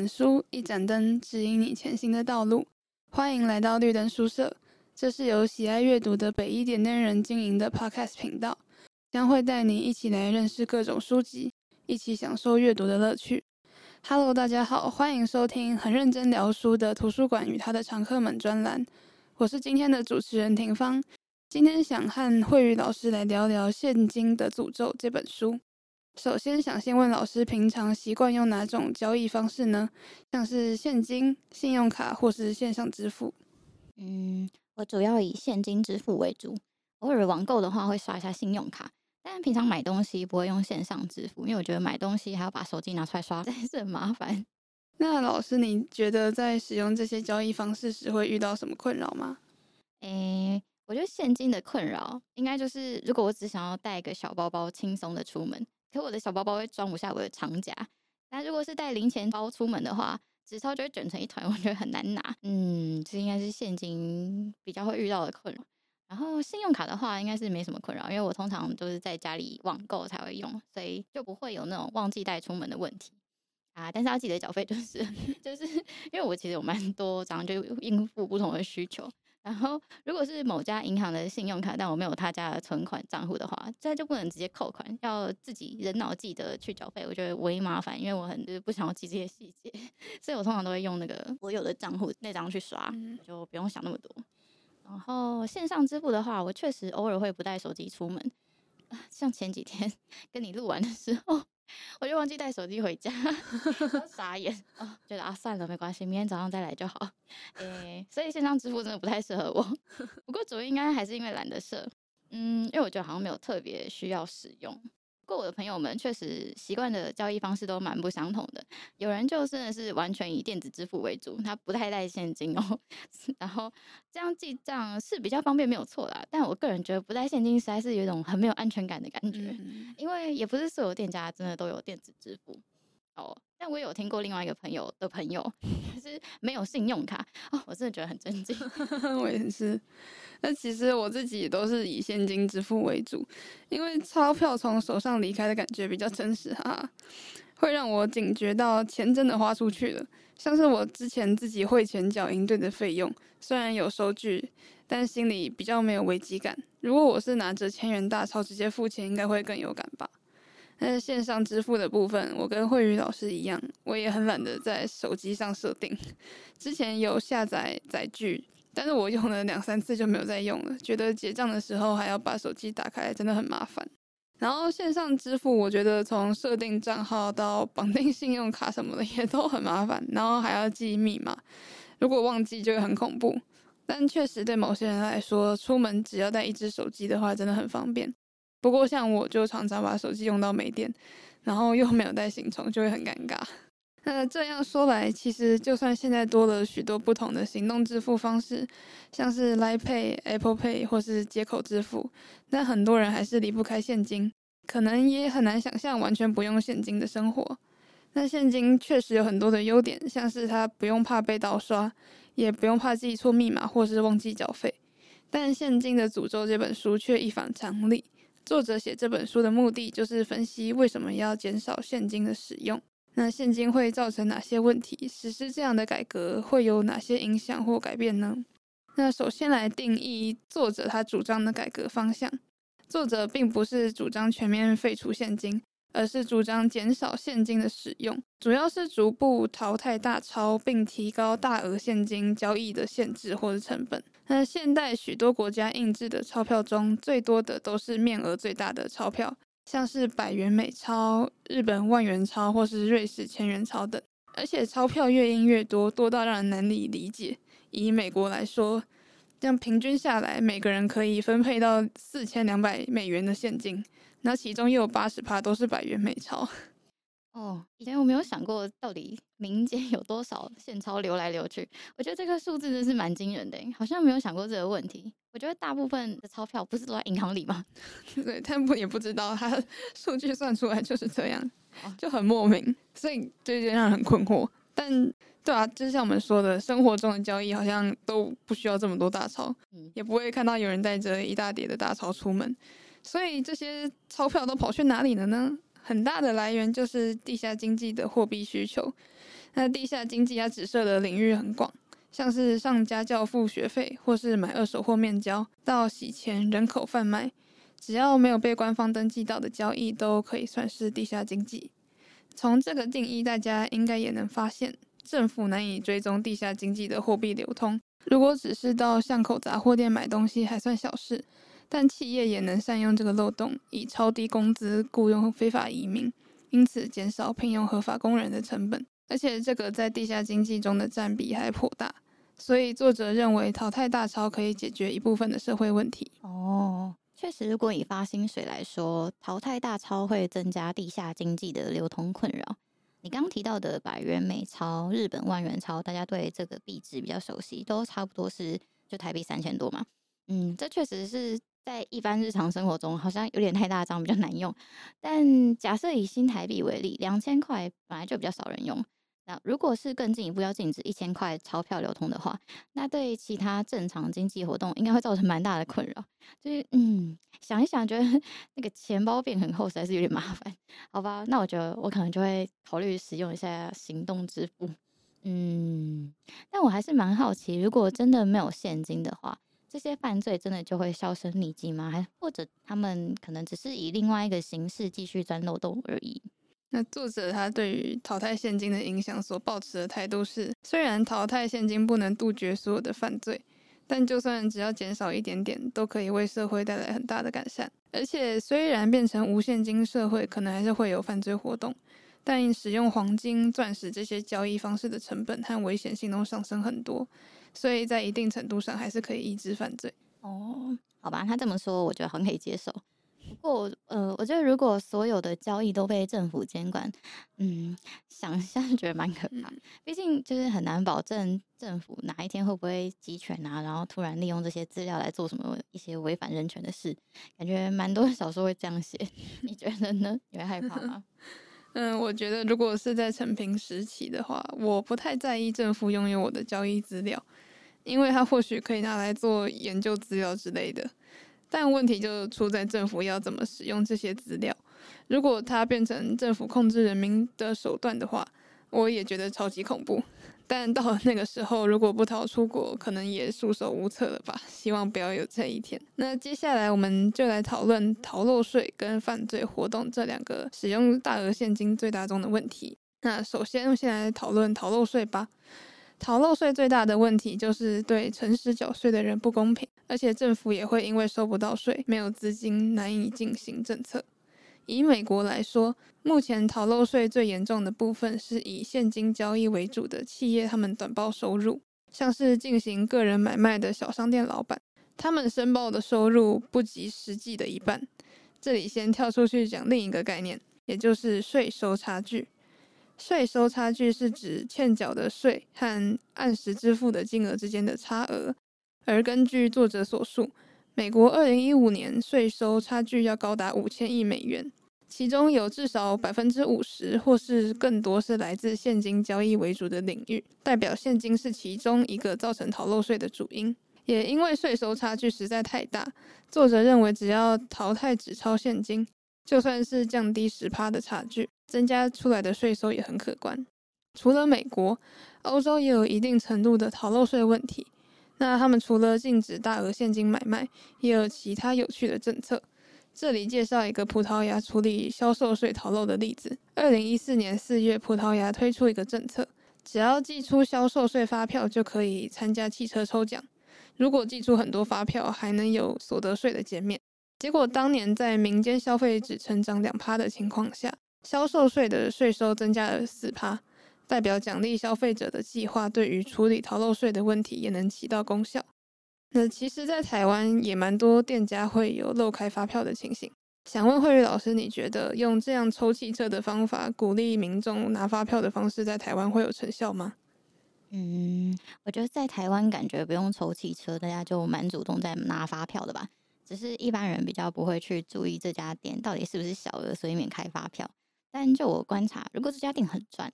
本書一盞燈，指引你前行的道路。歡迎來到綠燈書社，這是由喜愛閱讀的北一點點人經營的 Podcast 頻道，將會帶你一起來認識各種書籍，一起享受閱讀的樂趣。Hello，大家好，歡迎收聽很認真聊書的圖書館與它的常客們專欄。我是今天的主持人廷芳，今天想和蕙宇老師來聊聊《現金的詛咒》這本書。首先想先問老師，平常習慣用哪種交易方式呢？像是現金、信用卡或是線上支付？嗯，我主要以現金支付為主，偶爾網購的話會刷一下信用卡，但平常買東西不會用線上支付，因為我覺得買東西還要把手機拿出來刷，真是很麻煩。那老師，你覺得在使用這些交易方式時會遇到什麼困擾嗎？誒、欸，我覺得現金的困擾應該就是，如果我只想要帶一個小包包，輕鬆的出門。可我的小包包會裝不下我的長夾，那如果是帶零錢包出門的話，紙鈔就會捲成一團，我覺得很難拿。嗯，這應該是現金比較會遇到的困擾。然後信用卡的話，應該是沒什麼困擾，因為我通常都是在家裡網購才會用，所以就不會有那種忘記帶出門的問題。啊，但是要記得繳費就是就是，因為我其實有蠻多張，常常就應付不同的需求。然後，如果是某家銀行的信用卡，但我沒有他家的存款賬戶的話，這就不能直接扣款，要自己人腦記得去繳費。我覺得唯一麻煩，因為我很就是不想要記這些細節，所以我通常都會用那個我有的賬戶那張去刷，嗯，就不用想那麼多。然後線上支付的話，我確實偶爾會不帶手機出門。像前幾天跟你錄完的時候，哦、我就忘記帶手機回家， 傻眼啊！哦、 覺得啊，算了，沒關係，明天早上再來就好。欸、所以線上支付真的不太適合我。不過主要應該還是因為懶得設，嗯，因為我覺得好像沒有特別需要使用。不過我的朋友們確實習慣的交易方式都蠻不相同的，有人就真的是完全以電子支付為主，他不太帶現金哦。然後這樣記賬是比較方便，沒有錯啦。但我個人覺得不帶現金實在是有一種很沒有安全感的感覺，因為也不是所有店家真的都有電子支付。但我也有聽過另外一個朋友的朋友，就是沒有信用卡啊、哦，我真的覺得很震驚， 我也是。那其實我自己都是以現金支付為主，因為鈔票從手上離開的感覺比較真實哈，哈，會讓我警覺到錢真的花出去了。像是我之前自己匯錢繳營隊的費用，雖然有收據，但心裡比較沒有危機感。如果我是拿着千元大鈔直接付錢，應該會更有感吧。但是線上支付的部分，我跟蕙宇老師一樣，我也很懶得在手機上設定。之前有下載載具，但是我用了兩三次就沒有再用了，覺得結賬的時候還要把手機打開，真的很麻煩。然後線上支付，我覺得從設定賬號到綁定信用卡什麼的也都很麻煩，然後還要記密碼，如果忘記就會很恐怖。但確實對某些人來說，出門只要帶一隻手機的話，真的很方便。不過，像我就常常把手機用到沒電，然後又沒有帶行程，就會很尷尬。那這樣說來，其實就算現在多了許多不同的行動支付方式，像是 Line Pay、Apple Pay 或是街口支付，但很多人還是離不開現金，可能也很難想象完全不用現金的生活。那現金確實有很多的優點，像是它不用怕被盜刷，也不用怕記錯密碼或是忘記繳費。但《現金的詛咒》這本書卻一反常理。作者寫這本書的目的就是分析為什麼要減少現金的使用。那現金會造成哪些問題？實施這樣的改革會有哪些影響或改變呢？那首先來定義作者他主張的改革方向。作者並不是主張全面廢除現金，而是主張減少現金的使用，主要是逐步淘汰大鈔，並提高大額現金交易的限制或者成本。那現代許多國家印制的鈔票中，最多的都是面額最大的鈔票，像是百元美鈔、日本萬元鈔或是瑞士千元鈔等。而且鈔票越印越多，多到讓人難以理解。以美國來說，這樣平均下來，每個人可以分配到四千兩百美元的現金，那其中又有八十趴都是百元美鈔。哦，以前我沒有想過到底。民間有多少現鈔流來流去？我覺得這個數字真是蠻驚人的。欸，好像沒有想過這個問題。我覺得大部分的鈔票不是都在銀行裡嗎？對，他們也不知道，他數據算出來就是這樣，啊、就很莫名，所以這就讓人很困惑。但對啊，就是，像我們說的，生活中的交易好像都不需要這麼多大鈔。嗯，也不會看到有人帶着一大疊的大鈔出門。所以這些鈔票都跑去哪裡了呢？很大的來源就是地下經濟的貨幣需求。那地下經濟它指涉的領域很廣，像是上家教付學費，或是買二手貨面交，到洗錢、人口販賣，只要沒有被官方登記到的交易，都可以算是地下經濟。從這個定義，大家應該也能發現，政府難以追蹤地下經濟的貨幣流通。如果只是到巷口雜貨店買東西還算小事，但企業也能善用這個漏洞，以超低工資雇傭非法移民，因此減少聘用合法工人的成本。而且這個在地下經濟中的占比還頗大，所以作者認為淘汰大鈔可以解決一部分的社會問題。哦，確實，如果以發薪水來說，淘汰大鈔會增加地下經濟的流通困擾。你剛提到的百元美鈔、日本萬元鈔，大家對這個幣值比較熟悉，都差不多是就台幣三千多嘛。嗯，這確實是在一般日常生活中好像有點太大張，比較難用。但假設以新台幣為例，兩千塊本來就比較少人用。如果是更進一步要禁止一千塊鈔票流通的話，那對其他正常經濟活動應該會造成蠻大的困擾。就是嗯，想一想，覺得那個錢包變很厚，實在是有點麻煩。好吧，那我覺得我可能就會考慮使用一下行動支付。嗯，但我還是蠻好奇，如果真的沒有現金的話，這些犯罪真的就會銷聲匿跡嗎？還或者他們可能只是以另外一個形式繼續鑽漏洞而已。那作者他對於淘汰現金的影響所抱持的態度是：雖然淘汰現金不能杜絕所有的犯罪，但就算只要減少一點點，都可以為社會帶來很大的改善。而且，雖然變成無現金社會可能還是會有犯罪活動，但使用黃金、鑽石這些交易方式的成本和危險性都上升很多，所以在一定程度上還是可以抑制犯罪。哦，好吧，他這麼說，我覺得很可以接受。不過，呃，我覺得如果所有的交易都被政府監管，嗯，想象覺得蠻可怕。畢竟，就是很難保證政府哪一天會不會集權啊，然後突然利用這些資料來做什麼一些違反人權的事。感覺蠻多小說會這樣寫，你覺得呢？你會害怕嗎？嗯，我覺得如果是在承平時期的話，我不太在意政府擁有我的交易資料，因為他或許可以拿來做研究資料之類的。但問題就出在政府要怎麼使用這些資料？如果它變成政府控制人民的手段的話，我也覺得超級恐怖。但到了那個時候，如果不逃出國，可能也束手無策了吧。希望不要有這一天。那接下來我們就來討論逃漏稅跟犯罪活動這兩個使用大額現金最大宗的問題。那首先，先來討論逃漏稅吧。逃漏稅最大的問題就是對誠實繳稅的人不公平。而且政府也會因為收不到稅，沒有資金，難以進行政策。以美國來說，目前逃漏稅最嚴重的部分是以現金交易為主的企業，他們短報收入，像是進行個人買賣的小商店老板，他們申報的收入不及實際的一半。這裡先跳出去講另一個概念，也就是稅收差距。稅收差距是指欠繳的稅和按時支付的金額之間的差額。而根據作者所述，美國二零一五年稅收差距要高達五千億美元，其中有至少百分之五十，或是更多，是來自現金交易為主的領域，代表現金是其中一個造成逃漏稅的主因。也因為稅收差距實在太大，作者認為只要淘汰紙鈔現金，就算是降低十趴的差距，增加出來的稅收也很可觀。除了美國，歐洲也有一定程度的逃漏稅問題。那他們除了禁止大額現金買賣，也有其他有趣的政策。這裡介紹一個葡萄牙處理銷售稅逃漏的例子。二零一四年四月，葡萄牙推出一個政策，只要寄出銷售稅發票就可以參加汽車抽獎。如果寄出很多發票，還能有所得稅的減免。結果當年在民間消費只成長兩趴的情況下，銷售稅的稅收增加了四趴。代表獎勵消費者的計劃，對於處理逃漏稅的問題也能起到功效。那其實，在台灣也蠻多店家會有漏開發票的情形。想問蕙宇老師，你覺得用這樣抽汽車的方法，鼓勵民眾拿發票的方式，在台灣會有成效嗎？嗯，我覺得在台灣感覺不用抽汽車，大家就蠻主動在拿發票的吧。只是一般人比較不會去注意這家店到底是不是小額，所以免開發票。但就我觀察，如果這家店很賺。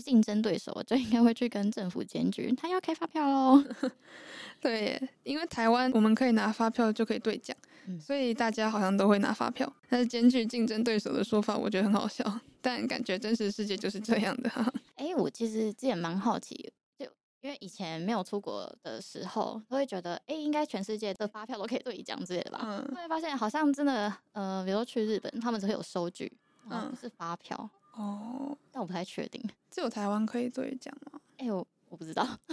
競爭對手，我就應該會去跟政府檢舉，他要開發票嘍。 對，因為台灣我們可以拿發票就可以兌獎，所以大家好像都會拿發票。但是檢舉競爭對手的說法，我覺得很好笑，但感覺真實世界就是這樣的哈、啊。哎，我其實之前蠻好奇，就因為以前沒有出國的時候，都會覺得誒、欸，應該全世界的發票都可以兌獎之類的吧。嗯，後來發現好像真的，呃，比如說去日本，他們只會有收據，嗯，不是發票。哦、oh,，但我不太確定，只有台灣可以兌獎嗎？哎、欸，我我不知道，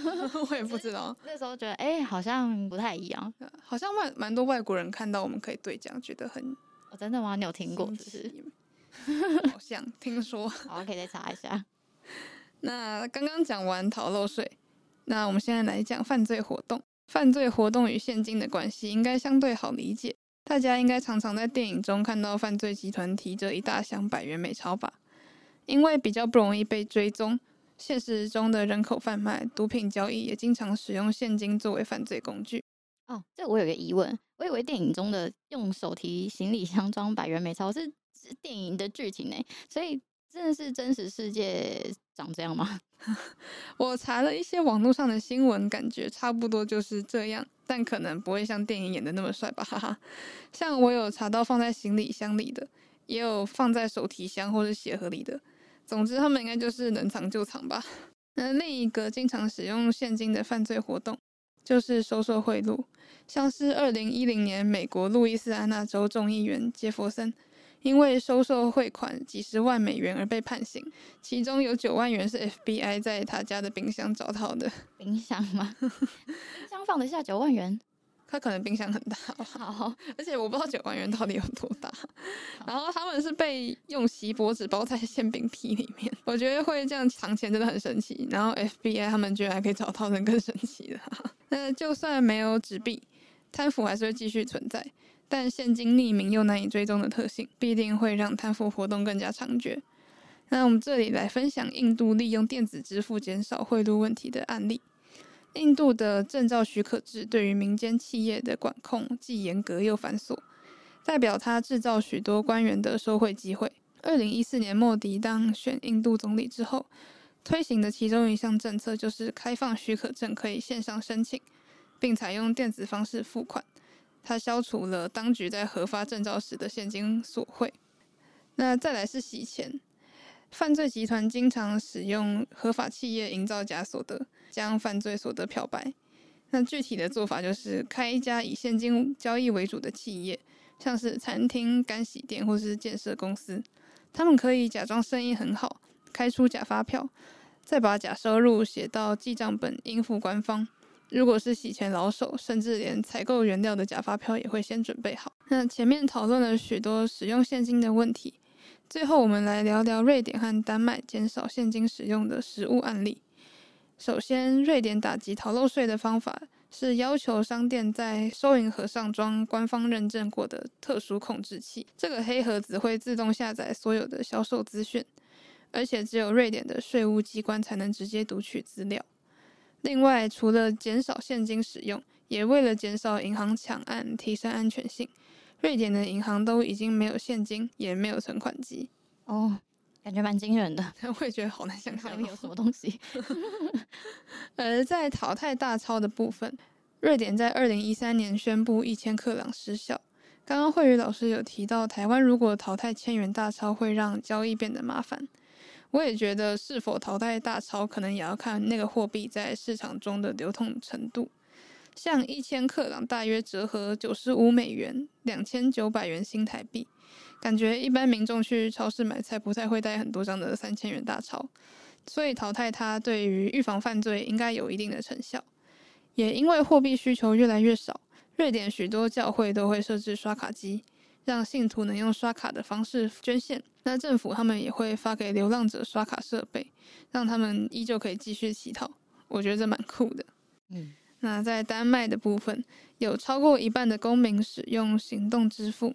我也不知道。 那時候覺得，哎、欸，好像不太一樣，好像蠻蠻多外國人看到我們可以兌獎，覺得很……我真的嗎？你有聽過？就是、 好像聽說，我可以再查一下。 那剛剛講完逃漏稅，那我們現在來講犯罪活動。犯罪活動與現金的關係應該相對好理解，大家應該常常在電影中看到犯罪集團提着一大箱百元美鈔吧。因為比較不容易被追蹤，現實中的人口販賣、毒品交易也經常使用現金作為犯罪工具。哦，這我有個疑問，我以為電影中的用手提行李箱裝百元美鈔是電影的劇情呢，所以真的是真實世界長這樣嗎？ 我查了一些網絡上的新聞，感覺差不多就是這樣，但可能不會像電影演的那麼帥吧，哈哈。像我有查到放在行李箱裡的，也有放在手提箱或是鞋盒裡的。總之，他們應該就是能藏就藏吧。那另一個經常使用現金的犯罪活動，就是收受賄賂。像是二零一零年美國路易斯安那州眾議員傑弗森，因為收受賄款幾十萬美元而被判刑，其中有九萬元是 FBI 在他家的冰箱找到的。冰箱嗎？ 冰箱放得下九萬元？他可能冰箱很大吧，好，而且我不知道九萬元到底有多大。然後他們是被用錫箔紙包在餡餅皮裡面，我覺得會這樣藏錢真的很神奇。然後 FBI 他們居然還可以找到，那個更神奇的。哈哈。那就算沒有紙幣，貪腐還是會繼續存在，但現金匿名又難以追蹤的特性，必定會讓貪腐活動更加猖獗。那我們這裡來分享印度利用電子支付減少賄賂問題的案例。印度的證照許可制對於民間企業的管控既嚴格又繁瑣，代表它製造許多官員的受賄機會。二零一四年莫迪當選印度總理之後，推行的其中一項政策就是開放許可證可以線上申請，並採用電子方式付款，它消除了當局在核發證照時的現金索賄。那再來是洗錢。犯罪集團經常使用合法企業營造假所得，將犯罪所得漂白。那具體的做法就是開一家以現金交易為主的企業，像是餐廳、乾洗店或是建設公司。他們可以假裝生意很好，開出假發票，再把假收入寫到記賬本應付官方。如果是洗錢老手，甚至連採購原料的假發票也會先準備好。那前面討論了許多使用現金的問題。最後，我們來聊聊瑞典和丹麥減少現金使用的實務案例。首先，瑞典打擊逃漏稅的方法是要求商店在收銀盒上裝官方認證過的特殊控制器，這個黑盒子會自動下載所有的銷售資訊，而且只有瑞典的稅務機關才能直接讀取資料。另外，除了減少現金使用，也為了減少銀行搶案，提升安全性。瑞典的銀行都已經沒有現金，也沒有存款機哦，oh, 感覺蠻驚人的， 但我也覺得好難想像會有什麼東西。 而在淘汰大鈔的部分，瑞典在二零一三年宣布一千克朗失效。剛剛蕙宇老師有提到，台灣如果淘汰千元大鈔，會讓交易變得麻煩。我也覺得，是否淘汰大鈔，可能也要看那個貨幣在市場中的流通程度。像一千克朗，大約折合九十五美元，兩千九百元新台幣。感覺一般民眾去超市買菜，不太會帶很多張的三千元大鈔，所以淘汰它對於預防犯罪應該有一定的成效。也因為貨幣需求越來越少，瑞典許多教會都會設置刷卡機，讓信徒能用刷卡的方式捐獻。那政府他們也會發給流浪者刷卡設備，讓他們依舊可以繼續乞討。我覺得這蠻酷的。嗯。那在丹麥的部分，有超過一半的公民使用行動支付。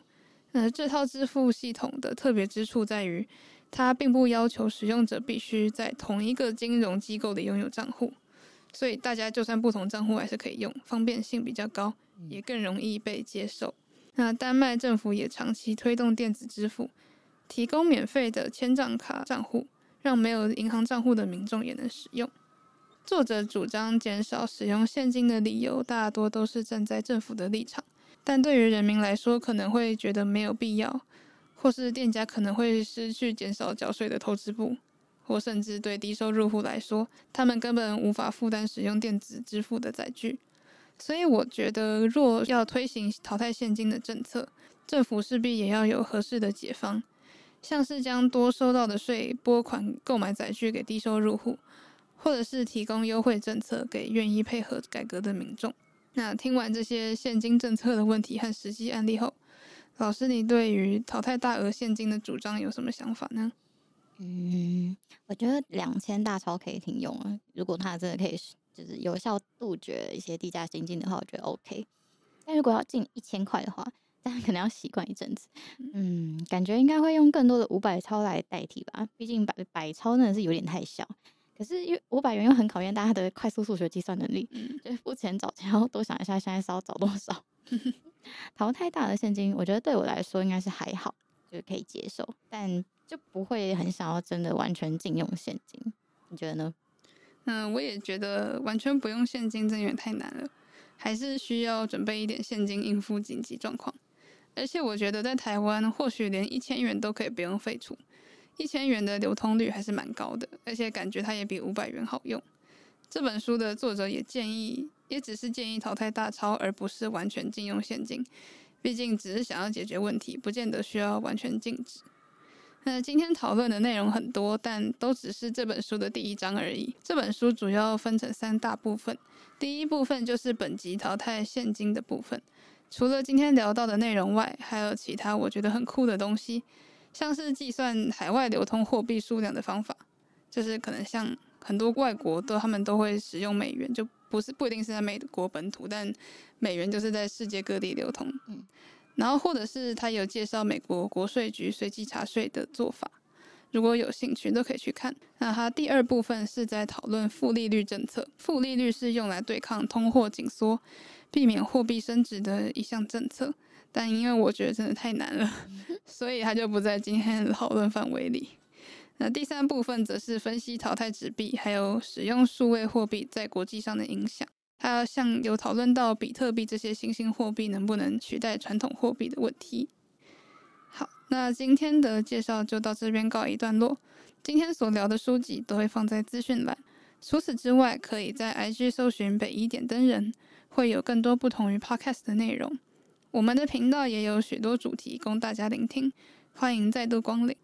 呃，這套支付系統的特別之處在於，它並不要求使用者必須在同一個金融機構裡擁有賬戶，所以大家就算不同賬戶還是可以用，方便性比較高，也更容易被接受。那丹麥政府也長期推動電子支付，提供免費的簽帳卡賬戶，讓沒有銀行賬戶的民眾也能使用。作者主張減少使用現金的理由大多都是站在政府的立場，但對於人民來說可能會覺得沒有必要，或是店家可能會失去減少繳稅的投資部，或甚至對低收入戶來說，他們根本無法負擔使用電子支付的載具。所以，我覺得若要推行淘汰現金的政策，政府勢必也要有合適的解方，像是將多收到的稅撥款購買載具給低收入戶。或者是提供優惠政策給願意配合改革的民眾。那聽完這些現金政策的問題和實際案例後，老師，你對於淘汰大額現金的主張有什麼想法呢？嗯，我覺得兩千大鈔可以停用啊。如果它真的可以，就是有效杜絕一些地下經濟的話，我覺得 OK。但如果要禁一千塊的話，大家可能要習慣一陣子。嗯，感覺應該會用更多的五百鈔來代替吧。畢竟百百鈔真的是有點太小。可是，因為五百元又很考驗大家的快速數學計算能力。嗯，就是付錢找錢，要多想一下現在是要找多少。 淘汰大的現金，我覺得對我來說應該是還好，就是可以接受，但就不會很想要真的完全禁用現金。你覺得呢？嗯、呃，我也覺得完全不用現金真有點太難了，還是需要準備一點現金應付緊急狀況。而且我覺得在台灣，或許連一千元都可以不用廢除。一千元的流通率還是蠻高的，而且感覺它也比五百元好用。這本書的作者也建議，也只是建議淘汰大鈔，而不是完全禁用現金。畢竟只是想要解決問題，不見得需要完全禁止。那今天討論的內容很多，但都只是這本書的第一章而已。這本書主要分成三大部分，第一部分就是本集淘汰現金的部分。除了今天聊到的內容外，還有其他我覺得很酷的東西。像是計算海外流通貨幣數量的方法，就是可能像很多外國都他們都會使用美元，就不是不一定是在美國本土，但美元就是在世界各地流通。嗯。然後或者是他有介紹美國國稅局隨機查稅的做法，如果有興趣都可以去看。那他第二部分是在討論負利率政策，負利率是用來對抗通貨緊縮、避免貨幣升值的一項政策，但因為我覺得真的太難了。嗯所以它就不在今天的討論範圍裡。那第三部分則是分析淘汰紙幣，還有使用數位貨幣在國際上的影響。它像有討論到比特幣這些新興貨幣能不能取代傳統貨幣的問題。好，那今天的介紹就到這邊告一段落。今天所聊的書籍都會放在資訊欄，除此之外，可以在 IG 搜尋“北一點燈人”，會有更多不同於 Podcast 的內容。我們的頻道也有許多主題供大家聆聽，歡迎再度光臨。